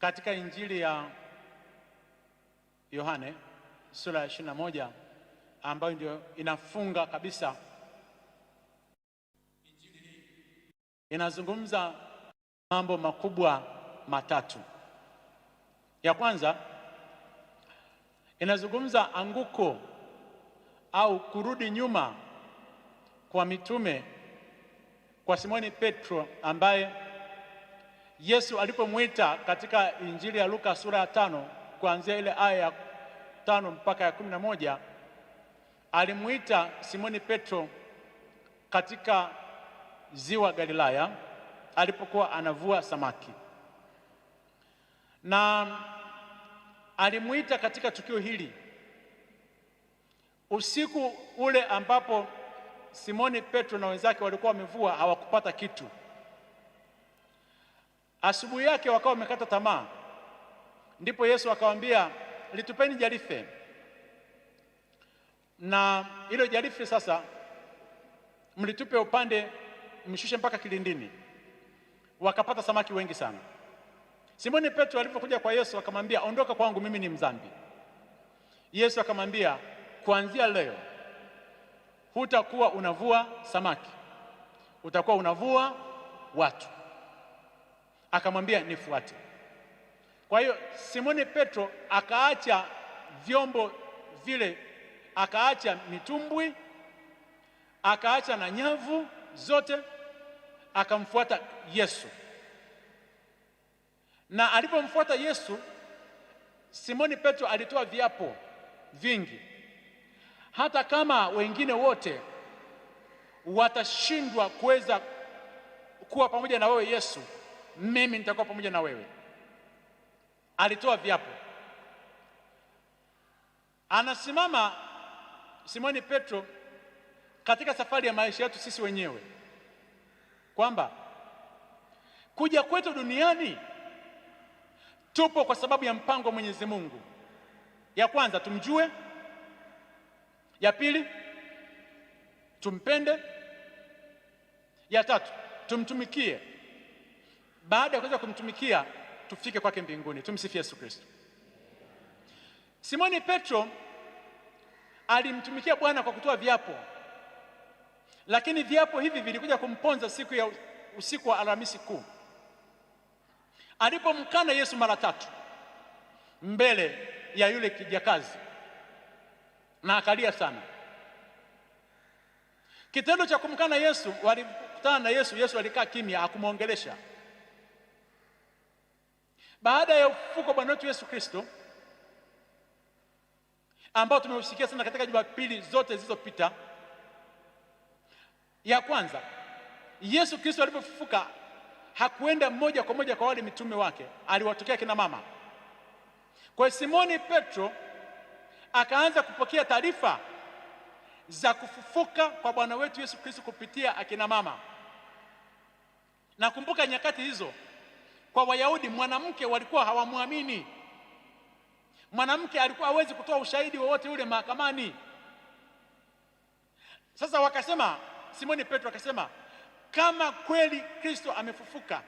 Katika Injili ya Yohane sura ya 21 ambayo ndio inafunga kabisa Injili hii, inazungumza mambo makubwa matatu. Ya kwanza inazungumza anguko au kurudi nyuma kwa mitume, kwa Simoni Petro ambaye Yesu alipomwita katika Injili ya Luka sura ya tano kuanzia ile aya ya tano mpaka ya kumi na moja alimwita Simoni Petro katika ziwa Galilaya alipokuwa anavua samaki, na alimwita katika tukio hili usiku ule ambapo Simoni Petro na wenzake walikuwa wamevua hawakupata kitu Asubuhi yake wakawa wamekata tamaa, ndipo Yesu akawaambia litupeni jarife, na ilo jarife sasa mlitupe upande, mshushe mpaka kilindini. Wakapata samaki wengi sana. Simoni Petro alipokuja kwa Yesu akamwambia, ondoka kwangu, mimi ni mzambi Yesu akamwambia, kuanzia leo hutakuwa unavua samaki, utakuwa unavua watu akamwambia nifuate. Kwa hiyo Simoni Petro akaacha vyombo vile, akaacha mitumbwi, akaacha na nyavu zote, akamfuata Yesu. Na alipomfuata Yesu, Simoni Petro alitoa viapo vingi, hata kama wengine wote watashindwa kuweza kuwa pamoja na wewe Yesu mimi nitakuwa pamoja na wewe. Alitoa viapo, anasimama Simoni Petro katika safari ya maisha yetu sisi wenyewe kwamba kuja kwetu duniani tupo kwa sababu ya mpango wa Mwenyezi Mungu. Ya kwanza tumjue, ya pili tumpende, ya tatu tumtumikie baada ya kuweza kumtumikia tufike kwake mbinguni. Tumsifie Yesu Kristo. Simoni Petro alimtumikia Bwana kwa kutoa viapo, lakini viapo hivi vilikuja kumponza siku ya usiku wa Alhamisi Kuu alipomkana Yesu mara tatu mbele ya yule kijakazi na akalia sana. Kitendo cha kumkana Yesu, walikutana na Yesu, Yesu alikaa kimya, akumwongelesha baada ya ufufuko Bwana wetu Yesu Kristo ambao tumeusikia sana katika Jumapili zote zilizopita. Ya kwanza, Yesu Kristo alipofufuka hakuenda moja kwa moja kwa wale mitume wake, aliwatokea kina mama. Kwa hiyo Simoni Petro akaanza kupokea taarifa za kufufuka kwa Bwana wetu Yesu Kristo kupitia akina mama. Nakumbuka nyakati hizo kwa Wayahudi mwanamke walikuwa hawamwamini mwanamke, alikuwa hawezi kutoa ushahidi wowote ule mahakamani. Sasa wakasema, Simoni Petro akasema, kama kweli Kristo amefufuka,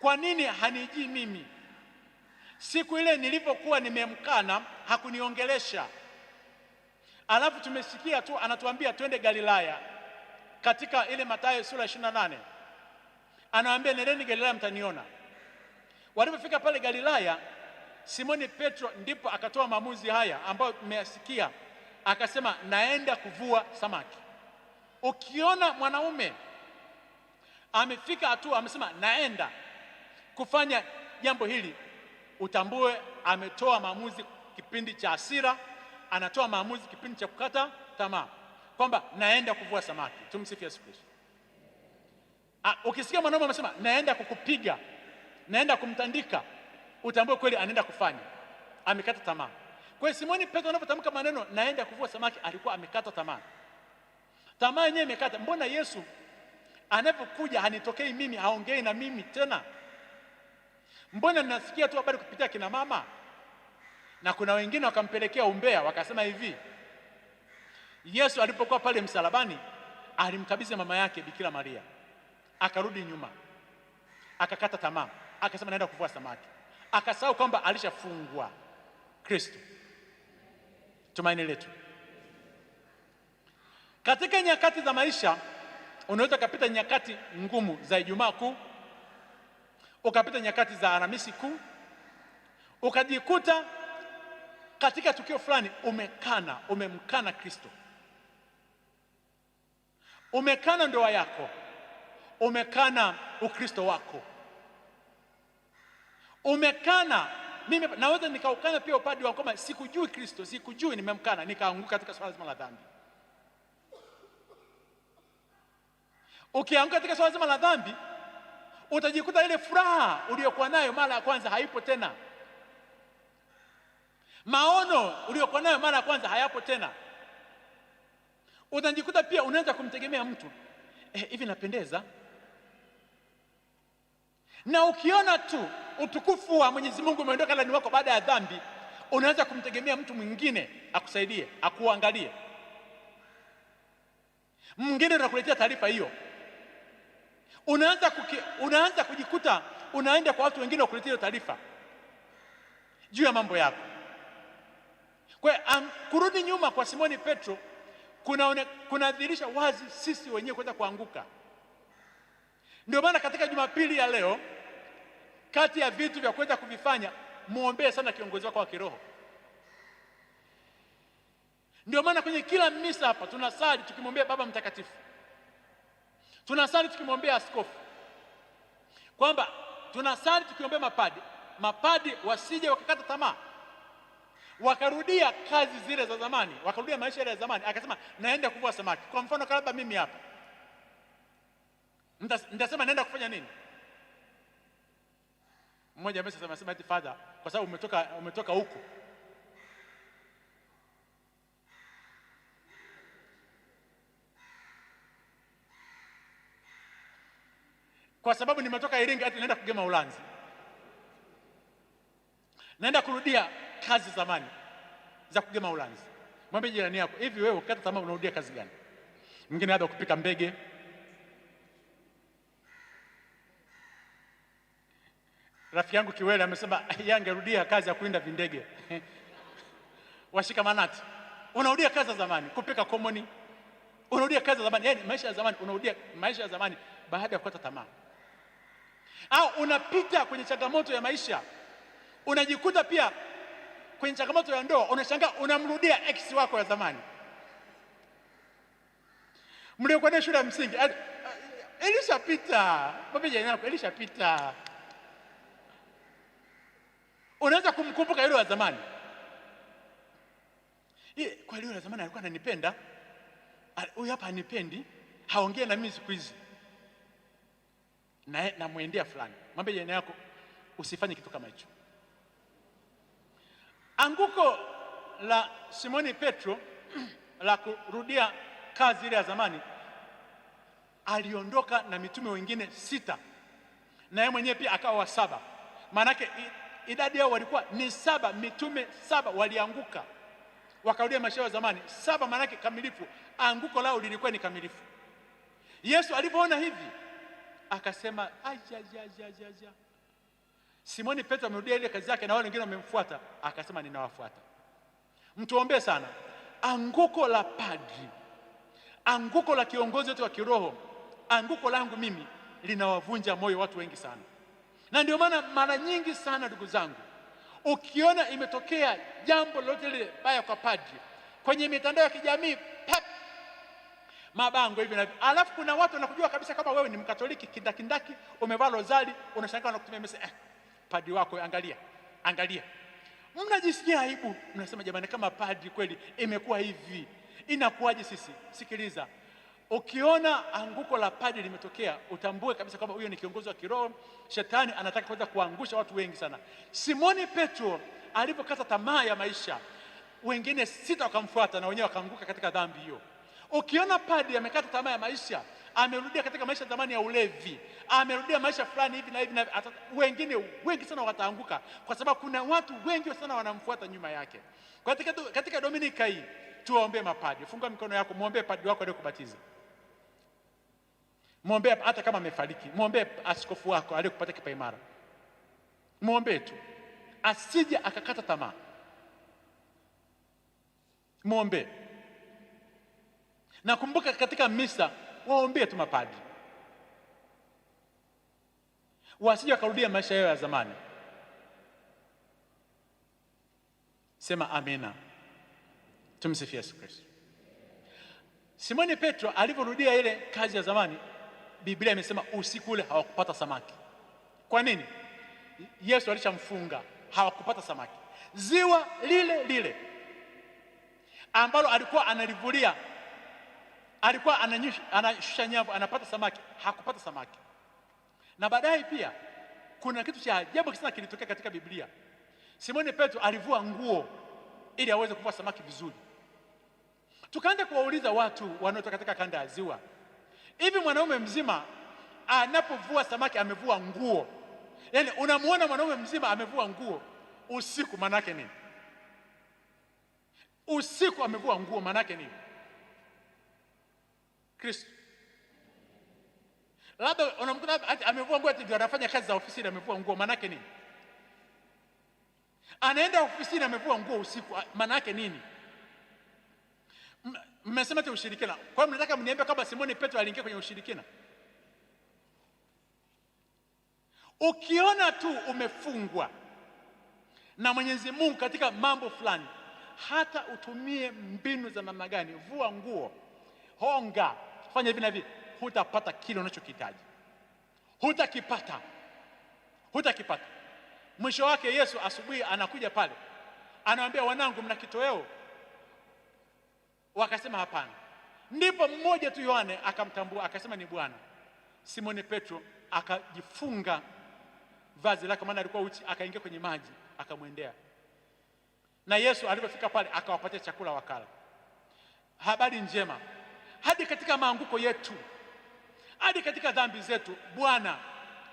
kwa nini hanijii mimi? Siku ile nilipokuwa nimemkana hakuniongelesha. Alafu tumesikia tu anatuambia twende Galilaya katika ile Mathayo sura 28 anawaambia nendeni Galilaya mtaniona. Walipofika pale Galilaya, Simoni Petro ndipo akatoa maamuzi haya ambayo mmeyasikia, akasema naenda kuvua samaki. Ukiona mwanaume amefika hatua amesema naenda kufanya jambo hili, utambue ametoa maamuzi kipindi cha hasira, anatoa maamuzi kipindi cha kukata tamaa, kwamba naenda kuvua samaki. Tumsifu Yesu Kristo. Ah, ukisikia mwanaume amesema naenda kukupiga, naenda kumtandika, utambue kweli anaenda kufanya, amekata tamaa. Kwa hiyo Simoni Petro anapotamka maneno naenda kuvua samaki, alikuwa amekata tamaa, tamaa yenyewe imekata. Mbona Yesu anapokuja hanitokei mimi, haongei na mimi tena? Mbona nasikia tu habari kupitia kina mama? Na kuna wengine wakampelekea umbea, wakasema hivi, Yesu alipokuwa pale msalabani alimkabidhi mama yake Bikira Maria akarudi nyuma, akakata tamaa, akasema naenda kuvua samaki, akasahau kwamba alishafungwa. Kristo tumaini letu. Katika nyakati za maisha unaweza ukapita nyakati ngumu za Ijumaa Kuu, ukapita nyakati za Alhamisi Kuu, ukajikuta katika tukio fulani umekana, umemkana Kristo, umekana ndoa yako umekana Ukristo wako, umekana mimi naweza nikaukana pia upadi wangu, kama sikujui Kristo, sikujui, nimemkana nikaanguka katika swala zima la dhambi. Ukianguka katika swala zima la dhambi, utajikuta ile furaha uliyokuwa nayo mara ya kwanza haipo tena, maono uliyokuwa nayo mara ya kwanza hayapo tena. Utajikuta pia unaanza kumtegemea mtu eh, hivi, eh, napendeza na ukiona tu utukufu wa Mwenyezi Mungu umeondoka ndani wako baada ya dhambi, unaweza kumtegemea mtu mwingine akusaidie, akuangalie. Mwingine anakuletea taarifa hiyo, unaanza unaanza kujikuta unaenda kwa watu wengine wakuletea hiyo taarifa juu ya mambo yako. Kwa um, kurudi nyuma kwa Simoni Petro kunadhihirisha kuna wazi sisi wenyewe kuweza kuanguka. Ndio maana katika Jumapili ya leo, kati ya vitu vya kuweza kuvifanya, mwombee sana kiongozi wako wa kiroho. Ndio maana kwenye kila misa hapa tunasali tukimwombea Baba Mtakatifu, tunasali tukimwombea askofu, kwamba tunasali tukiombea mapadi, mapadi wasije wakakata tamaa, wakarudia kazi zile za zamani, wakarudia maisha yale ya zamani. Akasema naenda kuvua samaki, kwa mfano, labda mimi hapa mtasema naenda kufanya nini? Mmoja amesema ati father, kwa sababu umetoka umetoka huko kwa sababu nimetoka Iringa ati naenda kugema Ulanzi, naenda kurudia kazi zamani za kugema Ulanzi. Mwambie jirani yako hivi, wewe ukata tamaa unarudia kazi gani? Mwingine labda kupika mbege Rafiki yangu Kiwele amesema eh, yeye angerudia kazi ya kuinda vindege washikamanati, unarudia kazi za zamani, kupika komoni, unarudia kazi za zamani, yani maisha ya zamani, unarudia maisha ya zamani baada ya kukata tamaa, au unapita kwenye changamoto ya maisha, unajikuta pia kwenye changamoto ya ndoa, unashangaa unamrudia ex wako ya zamani mliokwenda shule ya msingi, yaani, eh, eh, ilishapita. Baba, jana yako ilishapita unaweza kumkumbuka yule wa zamani. Kwa yule wa zamani alikuwa ananipenda, huyu hapa anipendi haongee na mimi siku hizi, na namwendea fulani. Mwambie jirani yako usifanye kitu kama hicho. Anguko la Simoni Petro la kurudia kazi ile ya zamani, aliondoka na mitume wengine sita na yeye mwenyewe pia akawa wa saba, maanake idadi yao walikuwa ni saba. Mitume saba walianguka wakarudia maisha ya zamani. Saba maanake kamilifu, anguko lao lilikuwa ni kamilifu. Yesu alipoona hivi akasema ajajajajaja, Simoni Petro amerudia ile kazi yake na wale wengine wamemfuata, akasema ninawafuata. Mtuombee sana anguko la padri, anguko la kiongozi wote wa kiroho, anguko langu mimi linawavunja moyo watu wengi sana. Na ndio maana mara nyingi sana, ndugu zangu, ukiona imetokea jambo lolote lile baya kwa padri kwenye mitandao ya kijamii pap, mabango hivi na hivi, alafu kuna watu wanakujua kabisa kama wewe ni Mkatoliki kindakindaki, umevaa rozari, unashangaa wanakutumia message eh, padri wako, angalia angalia. Mnajisikia aibu, mnasema jamani, kama padri kweli imekuwa hivi, inakuwaje sisi? Sikiliza. Ukiona anguko la padri limetokea, utambue kabisa kwamba huyo ni kiongozi wa kiroho. Shetani anataka kwanza kuangusha watu wengi sana. Simoni Petro alipokata tamaa ya maisha, wengine sita wakamfuata na wenyewe wakaanguka katika dhambi hiyo. Ukiona padri amekata tamaa ya maisha, amerudia katika maisha zamani ya ulevi, amerudia maisha fulani hivi na hivi na wengine wengi sana wataanguka, kwa sababu kuna watu wengi sana wanamfuata nyuma yake. Katika, katika Dominika hii tuwaombee mapadri. Funga mikono yako, mwombee padri wako aliyokubatiza. Mwombee hata kama amefariki, mwombee askofu wako aliyekupata kipaimara, mwombee tu asije akakata tamaa, mwombee. Nakumbuka katika misa waombee tu mapadri wasije wakarudia maisha yao ya zamani. Sema amina. Tumsifie Yesu Kristo. Simoni Petro alivyorudia ile kazi ya zamani Biblia imesema usiku ule hawakupata samaki. Kwa nini? Yesu alishamfunga, hawakupata samaki. Ziwa lile lile ambalo alikuwa analivulia, alikuwa anashusha nyavu, anapata samaki, hakupata samaki. Na baadaye pia kuna kitu cha ajabu sana kilitokea katika Biblia. Simoni Petro alivua nguo ili aweze kuvua samaki vizuri. Tukaanza kuwauliza watu wanaotoka katika kanda ya ziwa Hivi mwanaume mzima anapovua samaki amevua nguo, yaani unamwona mwanaume mzima amevua nguo usiku, maanake nini? Usiku amevua nguo, maanake nini? Kristo labda unamkuta amevua nguo, ati anafanya kazi za ofisini, amevua nguo, maanake nini? Anaenda ofisini, amevua nguo usiku, maanake nini? Mmesema tu ushirikina. Kwa hiyo mnataka mniambie kwamba Simoni Petro aliingia kwenye ushirikina? Ukiona tu umefungwa na Mwenyezi Mungu katika mambo fulani, hata utumie mbinu za namna gani, vua nguo, honga, fanya hivi na hivi, hutapata kile unachokihitaji, hutakipata, hutakipata. Mwisho wake Yesu asubuhi anakuja pale, anawaambia wanangu, mna kitoweo Wakasema hapana. Ndipo mmoja tu Yohane akamtambua akasema ni Bwana. Simoni Petro akajifunga vazi lake, maana alikuwa uchi, akaingia kwenye maji akamwendea, na Yesu alipofika pale akawapatia chakula wakala. Habari njema, hadi katika maanguko yetu, hadi katika dhambi zetu, Bwana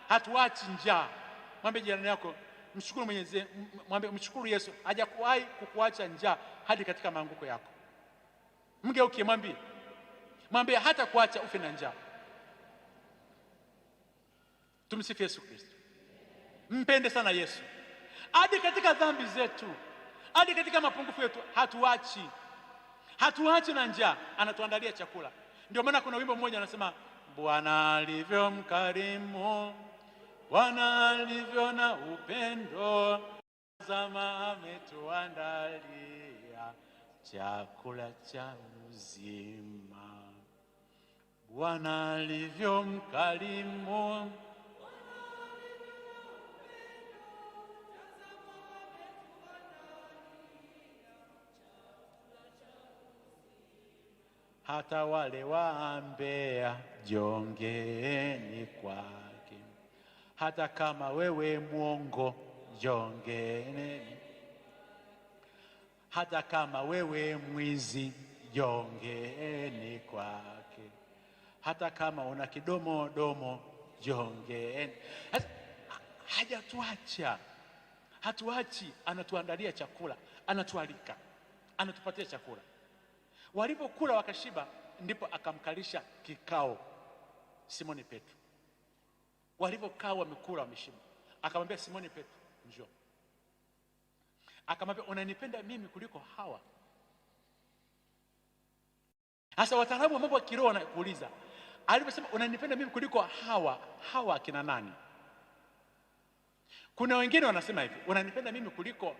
hatuachi njaa. Mwambie jirani yako, mshukuru Mwenyezi, mwambie mshukuru Yesu, hajakuwahi kukuacha njaa hadi katika maanguko yako. Mke ukimwambia mwambie hata kuacha ufe na njaa. Tumsifu Yesu Kristo. Mpende sana Yesu hadi katika dhambi zetu, hadi katika mapungufu yetu, hatuachi hatuachi na njaa, anatuandalia chakula. Ndio maana kuna wimbo mmoja anasema, Bwana alivyo mkarimu, Bwana alivyo na upendo, zama ametuandalia chakula cha uzima. Bwana alivyo mkarimu hata wale waambea jongeeni kwake, hata kama wewe mwongo jongeeni hata kama wewe mwizi, jongeeni kwake. Hata kama una kidomo domo, jongeeni. Hajatuacha, hatuachi, anatuandalia chakula, anatualika, anatupatia chakula. Walipokula wakashiba, ndipo akamkalisha kikao Simoni Petro. Walivyokaa wamekula wameshiba, akamwambia Simoni Petro, njoo akamwambia unanipenda mimi kuliko hawa. Sasa wataalamu wa mambo ya kiroho wanakuuliza, aliposema unanipenda mimi kuliko hawa, hawa akina nani? Kuna wengine wanasema hivi, unanipenda mimi kuliko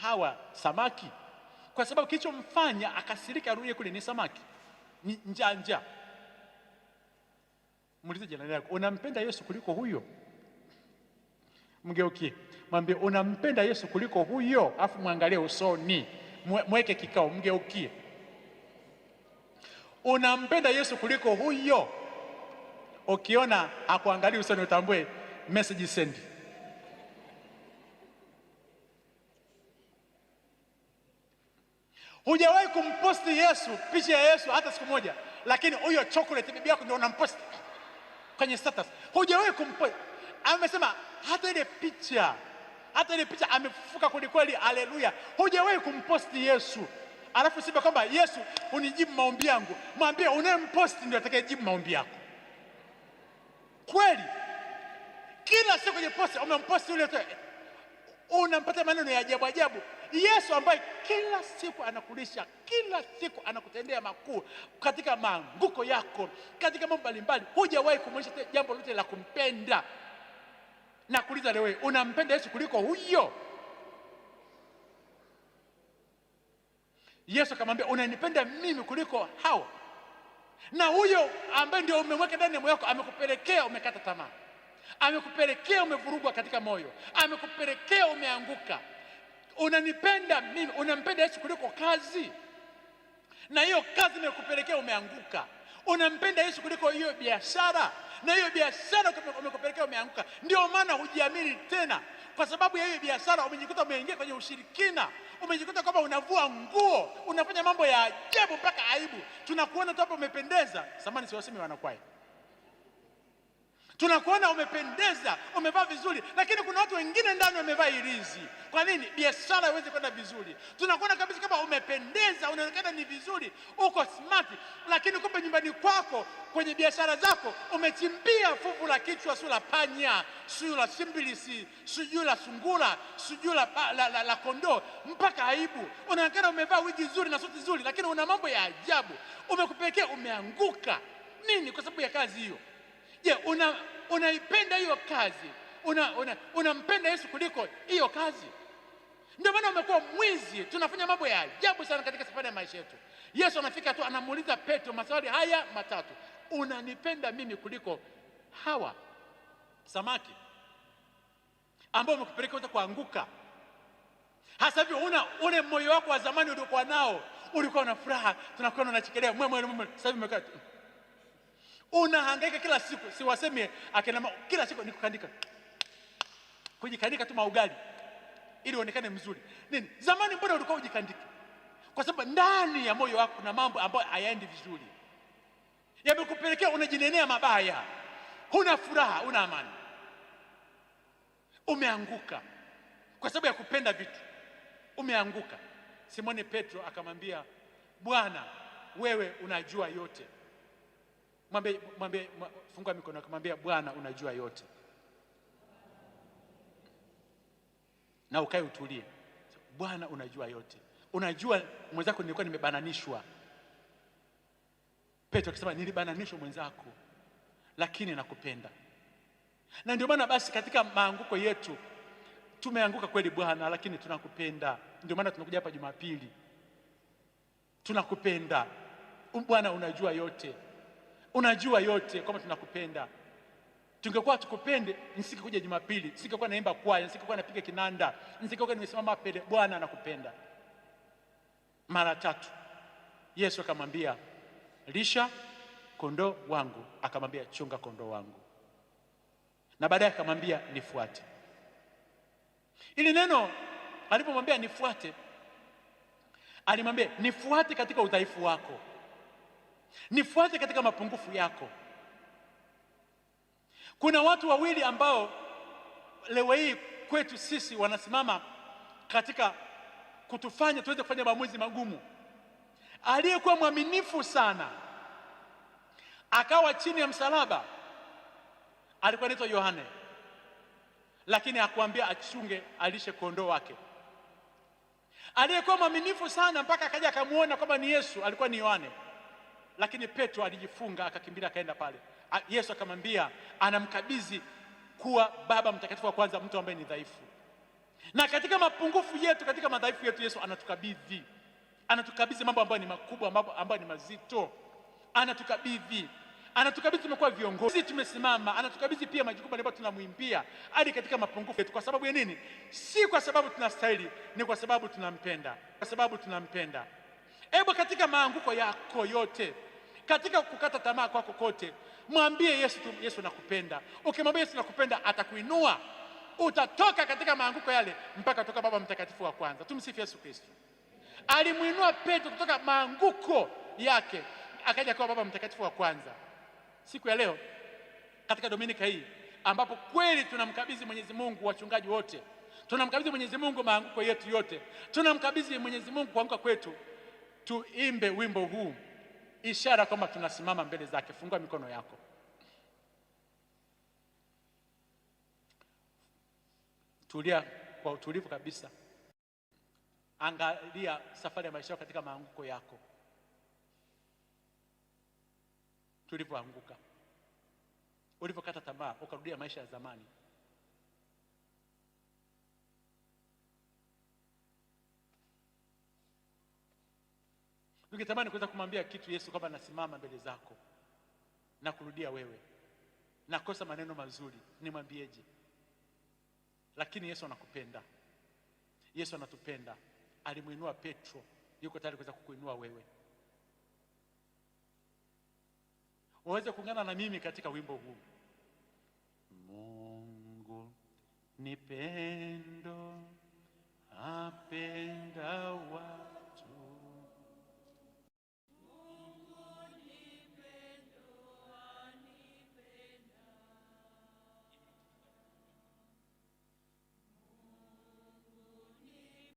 hawa samaki, kwa sababu kilichomfanya akasirika arudie kule ni samaki, ni njanja njaa. Muulize jirani yako, unampenda Yesu kuliko huyo? Mgeukie mwambie unampenda Yesu kuliko huyo, afu mwangalie usoni, mweke kikao, mgeukie. Unampenda Yesu kuliko huyo, ukiona akuangalie usoni, utambue message send. Hujawahi kumposti Yesu picha ya Yesu hata siku moja, lakini huyo chocolate bibi yako ndio unamposti kwenye status. Hujawahi kumposti amesema hata ile picha hata ile picha amefufuka kwelikweli, haleluya. Hujawahi kumposti Yesu alafu sema kwamba Yesu unijibu maombi yangu. Mwambie unayemposti ndio atakayejibu maombi yako kweli. Kila siku kwenye posti umemposti yule tu, unampata maneno ya ajabu ajabu. Yesu ambaye kila siku anakulisha, kila siku anakutendea makuu katika maanguko yako, katika mambo mbalimbali, hujawahi kumwonyesha jambo lolote la kumpenda na kuuliza leo, unampenda Yesu kuliko huyo? Yesu akamwambia unanipenda mimi kuliko hawa, na huyo ambaye ndio umemweka ndani ya moyo wako amekupelekea umekata tamaa, amekupelekea umevurugwa katika moyo, amekupelekea umeanguka. Unanipenda mimi, unampenda Yesu kuliko kazi, na hiyo kazi imekupelekea umeanguka. Unampenda Yesu kuliko hiyo biashara na hiyo biashara umekupelekea umeanguka. Ndio maana hujiamini tena, kwa sababu ya hiyo biashara umejikuta umeingia kwenye ushirikina, umejikuta kwamba unavua nguo, unafanya mambo ya ajabu mpaka aibu. Tunakuona tu hapa umependeza. Samani, siwasemi wanakwaya Tunakuona umependeza, umevaa vizuri, lakini kuna watu wengine ndani wamevaa ilizi. Kwa nini? Biashara iweze kwenda vizuri. Tunakuona kabisa kama umependeza, unaonekana ni vizuri, uko smart, lakini kumbe nyumbani kwako, kwenye biashara zako umechimbia fuvu la kichwa, sio la panya, sio la simbilisi, sio la sungura, sio la, la, la, la kondoo, mpaka aibu. Unaonekana umevaa wigi nzuri na suti nzuri, lakini una mambo ya ajabu, umekupekea, umeanguka. Nini? Kwa sababu ya kazi hiyo. Je, una unaipenda hiyo kazi? Unampenda una, una Yesu kuliko hiyo kazi? Ndio maana umekuwa mwizi. Tunafanya mambo ya ajabu sana katika safari ya maisha yetu. Yesu anafika tu anamuuliza Petro maswali haya matatu, unanipenda mimi kuliko hawa samaki ambao umekupeleka wote kuanguka? Hasa hivi una ule moyo wako wa zamani uliokuwa nao, ulikuwa na furaha, tunakuwa tunachekelea mwe mwe mwe, sasa hivi umekaa unahangaika kila siku, siwasemi akina kila siku ni kukandika, kujikandika tu maugali ili uonekane mzuri nini. Zamani mbona ulikuwa ujikandika Kwa sababu ndani ya moyo wako kuna mambo ambayo hayaendi vizuri, yamekupelekea unajinenea mabaya, huna furaha, una amani, umeanguka kwa sababu ya kupenda vitu, umeanguka. Simoni Petro akamwambia Bwana, wewe unajua yote mwambie, mwambie, fungua mikono yako, mwambie Bwana unajua yote, na ukae utulie. Bwana unajua yote, unajua mwenzako, nilikuwa nimebananishwa. Petro akisema nilibananishwa mwenzako, lakini nakupenda. Na ndio maana basi katika maanguko yetu tumeanguka kweli Bwana, lakini tunakupenda. Ndio maana tunakuja hapa Jumapili, tunakupenda Bwana, unajua yote unajua yote kwamba tunakupenda. Tungekuwa tukupende, nisingekuja Jumapili, nisingekuwa naimba kwaya, nisingekuwa napiga kinanda, nisingekuwa nimesimama pele. Bwana anakupenda. Mara tatu Yesu akamwambia, lisha kondoo wangu, akamwambia chunga kondoo wangu, na baadaye akamwambia nifuate. Ili neno alipomwambia nifuate, alimwambia nifuate katika udhaifu wako nifuate katika mapungufu yako. Kuna watu wawili ambao leo hii kwetu sisi wanasimama katika kutufanya tuweze kufanya maamuzi magumu. Aliyekuwa mwaminifu sana akawa chini ya msalaba alikuwa anaitwa Yohane, lakini hakuambia achunge alishe kondoo wake. Aliyekuwa mwaminifu sana mpaka akaja akamwona kwamba ni Yesu alikuwa ni Yohane. Lakini Petro alijifunga akakimbia akaenda pale. Yesu akamwambia, anamkabidhi kuwa Baba Mtakatifu wa kwanza mtu ambaye ni dhaifu. Na katika mapungufu yetu, katika madhaifu yetu, Yesu anatukabidhi, anatukabidhi mambo ambayo ni makubwa, mambo ambayo ni mazito, anatukabidhi anatukabidhi tumekuwa viongozi, tumesimama, anatukabidhi pia majukumu ambayo tunamwimbia hadi katika mapungufu yetu. Kwa sababu ya nini? Si kwa sababu tunastahili, ni kwa sababu tunampenda, kwa sababu tunampenda. Hebu katika maanguko yako yote katika kukata tamaa kwako kote, mwambie Yesu tu, Yesu nakupenda. Ukimwambia Yesu nakupenda, atakuinua utatoka katika maanguko yale mpaka toka Baba Mtakatifu wa kwanza. Tumsifu Yesu Kristo. Alimwinua Petro kutoka maanguko yake akaja kuwa Baba Mtakatifu wa kwanza. Siku ya leo katika dominika hii ambapo kweli tunamkabidhi Mwenyezi Mungu wachungaji wote, tunamkabidhi Mwenyezi Mungu maanguko yetu yote, tunamkabidhi Mwenyezi Mungu kuanguka kwetu, tuimbe wimbo huu ishara kwamba tunasimama mbele zake. Fungua mikono yako. Tulia kwa utulivu kabisa, angalia safari ya maisha yako katika maanguko yako, tulivyoanguka, ulivyokata tamaa, ukarudia maisha ya zamani. Ningetamani kuweza kumwambia kitu Yesu kwamba nasimama mbele zako na kurudia wewe, nakosa maneno mazuri, nimwambieje? Lakini Yesu anakupenda, Yesu anatupenda. Alimuinua Petro, yuko tayari kuweza kukuinua wewe. Waweze kuungana na mimi katika wimbo huu. Mungu ni pendo, apenda wa